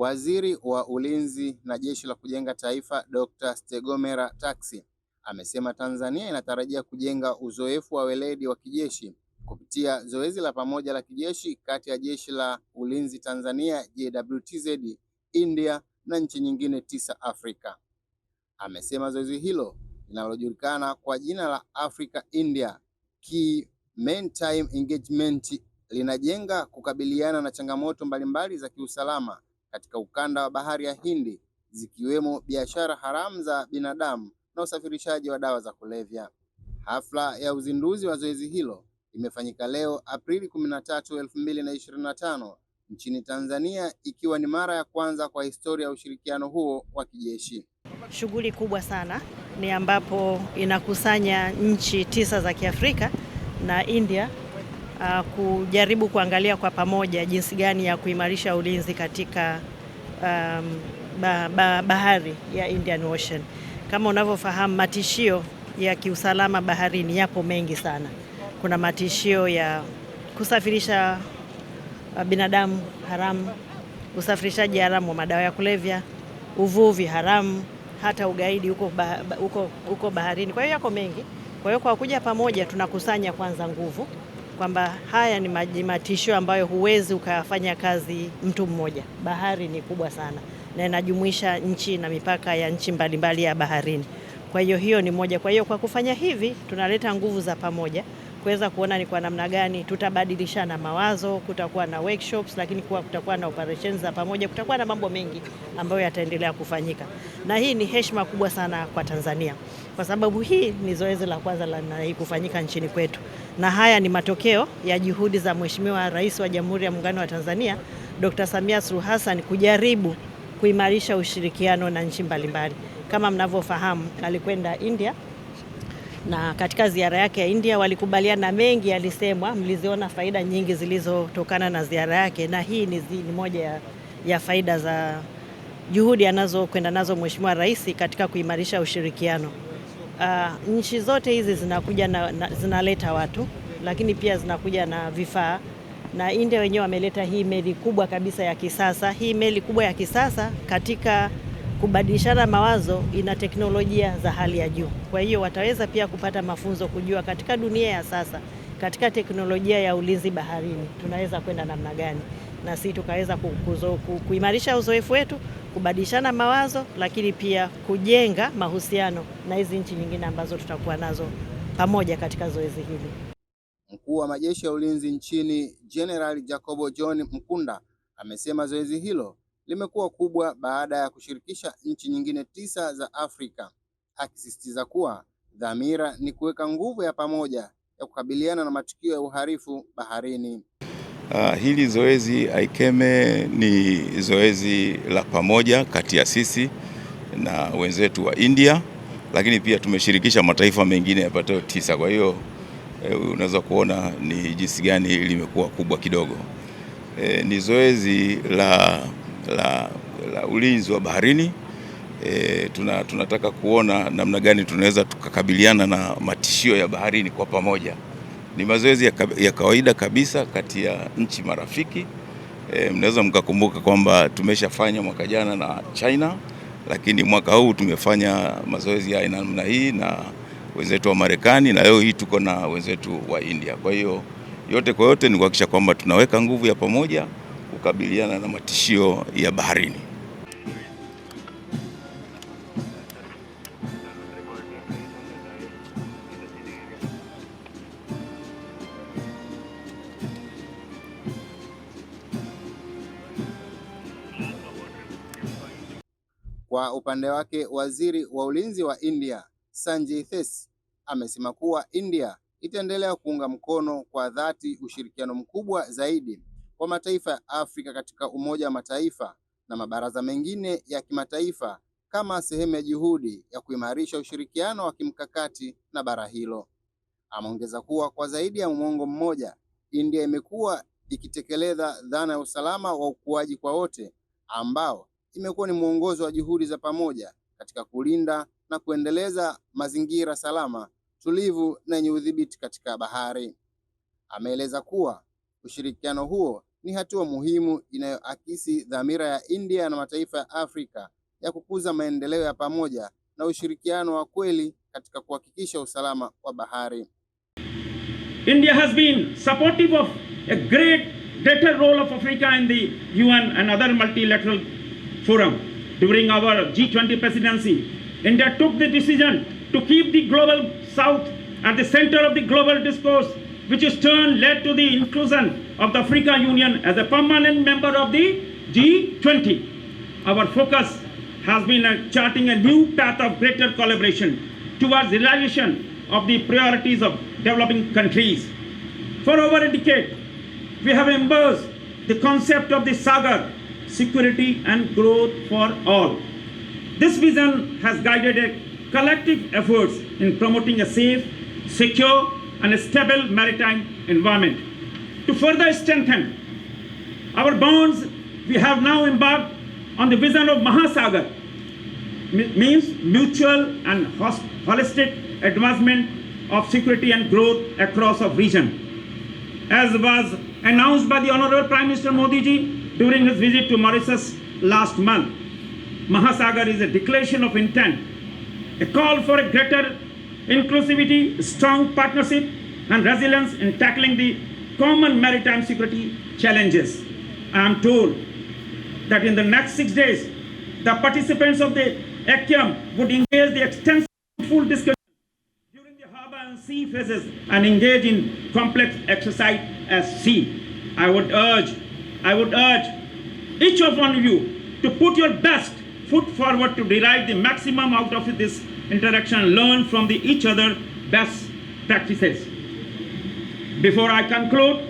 Waziri wa Ulinzi na Jeshi la Kujenga Taifa, Dr. Stegomena Tax amesema Tanzania inatarajia kujenga uzoefu wa weledi wa kijeshi kupitia zoezi la pamoja la kijeshi kati ya Jeshi la Ulinzi Tanzania JWTZ, India na nchi nyingine tisa Afrika. Amesema zoezi hilo linalojulikana kwa jina la Africa India Key Maritime Engagement linajenga kukabiliana na changamoto mbalimbali za kiusalama katika ukanda wa bahari ya Hindi zikiwemo biashara haramu za binadamu na usafirishaji wa dawa za kulevya. Hafla ya uzinduzi wa zoezi hilo imefanyika leo Aprili 13, 2025 nchini Tanzania ikiwa ni mara ya kwanza kwa historia ya ushirikiano huo wa kijeshi. Shughuli kubwa sana ni ambapo inakusanya nchi tisa za Kiafrika na India uh, kujaribu kuangalia kwa pamoja jinsi gani ya kuimarisha ulinzi katika um, ba, ba, bahari ya Indian Ocean. Kama unavyofahamu matishio ya kiusalama baharini yapo mengi sana. Kuna matishio ya kusafirisha uh, binadamu haramu, usafirishaji haramu wa madawa ya kulevya, uvuvi haramu, hata ugaidi huko ba, huko, huko baharini. Kwa hiyo yako mengi. Kwa hiyo kwa kuja pamoja tunakusanya kwanza nguvu kwamba haya ni maji matisho ambayo huwezi ukayafanya kazi mtu mmoja. Bahari ni kubwa sana na inajumuisha nchi na mipaka ya nchi mbalimbali mbali ya baharini. Kwa hiyo hiyo ni moja. Kwa hiyo kwa kufanya hivi tunaleta nguvu za pamoja kuweza kuona ni kwa namna gani tutabadilishana mawazo. Kutakuwa na workshops, lakini kuwa kutakuwa na operations za pamoja, kutakuwa na mambo mengi ambayo yataendelea kufanyika, na hii ni heshima kubwa sana kwa Tanzania kwa sababu hii ni zoezi la kwanza la kufanyika nchini kwetu, na haya ni matokeo ya juhudi za Mheshimiwa Rais wa Jamhuri ya Muungano wa Tanzania Dr. Samia Suluhu Hassan kujaribu kuimarisha ushirikiano na nchi mbalimbali. Kama mnavyofahamu, alikwenda India na katika ziara yake ya India walikubaliana mengi yalisemwa. Mliziona faida nyingi zilizotokana na ziara yake, na hii ni, zi, ni moja ya, ya faida za juhudi anazokwenda nazo Mheshimiwa Rais katika kuimarisha ushirikiano. Uh, nchi zote hizi zinakuja na, na, zinaleta watu lakini pia zinakuja na vifaa na India wenyewe wameleta hii meli kubwa kabisa ya kisasa. Hii meli kubwa ya kisasa katika kubadilishana mawazo ina teknolojia za hali ya juu. Kwa hiyo wataweza pia kupata mafunzo kujua katika dunia ya sasa, katika teknolojia ya ulinzi baharini tunaweza kwenda namna gani, na si tukaweza kuimarisha uzoefu wetu, kubadilishana mawazo, lakini pia kujenga mahusiano na hizi nchi nyingine ambazo tutakuwa nazo pamoja katika zoezi hili. Mkuu wa majeshi ya ulinzi nchini General Jacobo John Mkunda amesema zoezi hilo limekuwa kubwa baada ya kushirikisha nchi nyingine tisa za Afrika, akisisitiza kuwa dhamira ni kuweka nguvu ya pamoja ya kukabiliana na matukio ya uhalifu baharini. Uh, hili zoezi aikeme ni zoezi la pamoja kati ya sisi na wenzetu wa India, lakini pia tumeshirikisha mataifa mengine yapatayo tisa. Kwa hiyo e, unaweza kuona ni jinsi gani limekuwa kubwa kidogo. E, ni zoezi la la, la ulinzi wa baharini. E, tuna, tunataka kuona namna gani tunaweza tukakabiliana na matishio ya baharini kwa pamoja. Ni mazoezi ya, ya kawaida kabisa kati ya nchi marafiki. E, mnaweza mkakumbuka kwamba tumeshafanya mwaka jana na China, lakini mwaka huu tumefanya mazoezi ya aina namna hii na wenzetu wa Marekani na leo hii tuko na wenzetu wa India. Kwa hiyo yote kwa yote ni kuhakikisha kwamba tunaweka nguvu ya pamoja kukabiliana na matishio ya baharini. Kwa upande wake, waziri wa ulinzi wa India Sanjay Thes amesema kuwa India itaendelea kuunga mkono kwa dhati ushirikiano mkubwa zaidi wa mataifa ya Afrika katika Umoja wa Mataifa na mabaraza mengine ya kimataifa kama sehemu ya juhudi ya kuimarisha ushirikiano wa kimkakati na bara hilo. Ameongeza kuwa kwa zaidi ya mwongo mmoja, India imekuwa ikitekeleza dhana ya usalama wa ukuaji kwa wote ambao imekuwa ni mwongozo wa juhudi za pamoja katika kulinda na kuendeleza mazingira salama, tulivu na yenye udhibiti katika bahari. Ameeleza kuwa ushirikiano huo ni hatua muhimu inayoakisi dhamira ya India na mataifa ya Afrika ya kukuza maendeleo ya pamoja na ushirikiano wa kweli katika kuhakikisha usalama wa bahari. India has been supportive of a great greater role of Africa in the UN and other multilateral forum. During our G20 presidency, India took the decision to keep the global south at the center of the global discourse, which is turned led to the inclusion of the Africa Union as a permanent member of the G20. Our focus has been charting a new path of greater collaboration towards realization of the priorities of developing countries. For over a decade, we have embraced the concept of the SAGAR, security and growth for all. This vision has guided a collective efforts in promoting a safe, secure and a stable maritime environment to further strengthen our bonds, we have now embarked on the vision of Mahasagar, means mutual and holistic advancement of security and growth across our region. As was announced by the Honorable Prime Minister Modi ji during his visit to Mauritius last month, Mahasagar is a declaration of intent, a call for a greater inclusivity, strong partnership, and resilience in tackling the common maritime security challenges. I am told that in the next six days, the participants of the ACAM would engage the extensive full discussion during the harbor and sea phases and engage in complex exercise as sea. I would urge, I would urge each of one of you to put your best foot forward to derive the maximum out of this interaction, learn from the each other best practices. Before I conclude,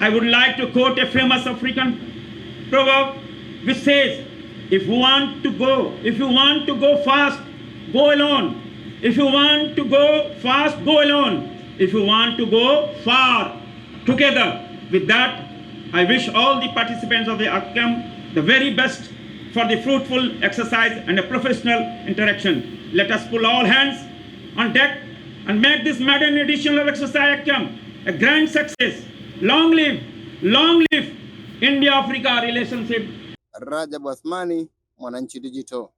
I would like to quote a famous African proverb which says, if you want to go, if you want to go fast, go alone. If you want to go fast, go alone. If you want to go far, together. With that, I wish all the participants of the ACAM the very best for the fruitful exercise and a professional interaction. Let us pull all hands on deck and make this maiden additional exercise ACAM a grand success. Long live, long live India Africa relationship. Rajab Athmani, Mwananchi Digital.